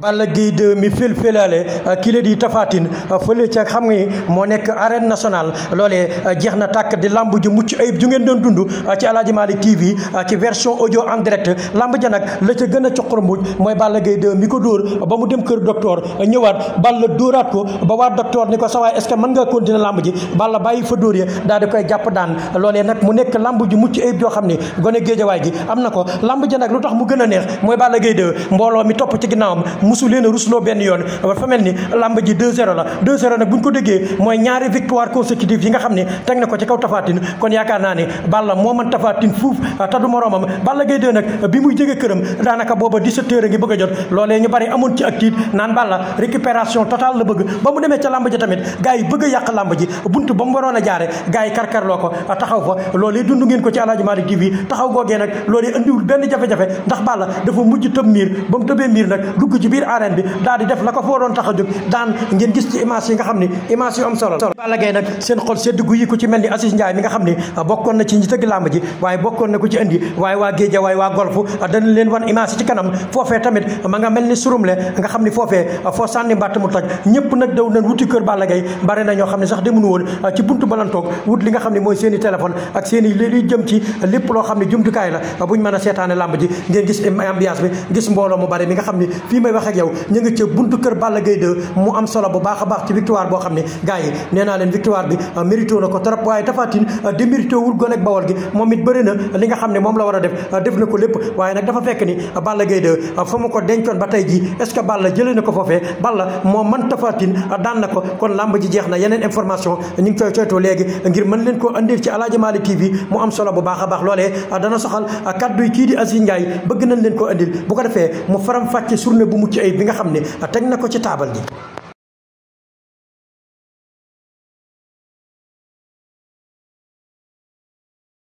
Balla Gaye 2 mi fël-fëlaale euh, kile di tafatin euh, fële ca xam nga moo nekk arène nationale loolee euh, jeex na tàkk di lamb ju mucc ayib ju ngeen doon dund ci Aladji Malick TV ci version ojo en direct lamb ja nag la ca gën a coqar mbuj mooy Balla Gaye 2 mi ko dóor ba mu dem kër docteur ñëwaat Balla dóoraat ko ba waa docteur ni ko sawaay est-ce que mën nga continuer lamb ji Balla bàyyi fa dóor ya daal di koy jàpp daan loolee nag mu nekk lamb ju mucc ayib joo xam ne gone géejawaay gi am na ko lamb ja nag lu tax mu gën a neex mooy Balla Gaye mbooloo mi topp ci ginnaawam mosu leen a rusloo benn yoon dafa mel ni lamb ji 2-0 la 2-0 nag bu ñu ko déggee mooy ñaari victoire consécutive yi nga xam ne teg na ko ci kaw Tafatine kon yaakaar naa ne Balla moo man Tafatine fuuf ah, taddu moroomam Balla Gaye 2 nag bi muy jege këram daanaka booba 17 heures a ngi bëgg a jot loolee ñu bari amoon ci ak naan Balla récupération totale la bëgg ba mu demee ca lamb ji tamit gars bëgg a yàq lamb ji buntu ba mu waroon a jaare gars yi karkarloo ko ah, taxaw fa loolee dund ko ci Aladji Malick TV taxaw googee nag biir arène bi daal di def la ko foo doon tax a jóg daan ngeen gis ci image yi nga xam ni image yu am solo Balla Gaye nag seen xol sedd gu yi ci mel ni Assis Ndiaye mi nga xam ni bokkoon bokkoon na ci indi ne sax demuñu woon ak seen i jëm ci lépp loo xam ne jumtukaay la buñ mën a seetaane làmb ji ngeen gis ambiance bi gis mbooloo mu bare mi nga xam ni fii may waxee ak yow ñu ngi ca buntu kër Balla Gaye mu am solo bu baax a baax ci victoire boo xam ne gars yi leen victoire bi euh, euh, a def mu am solo bu baax a baax loolee euh, dana soxal kaddu kii di Aziz Ndiaye bëgg nañ leen koo andil bu ko defee mu faram fàcce journée bu mucc mucc ayib bi nga xam ne teg na ko ci taabal ji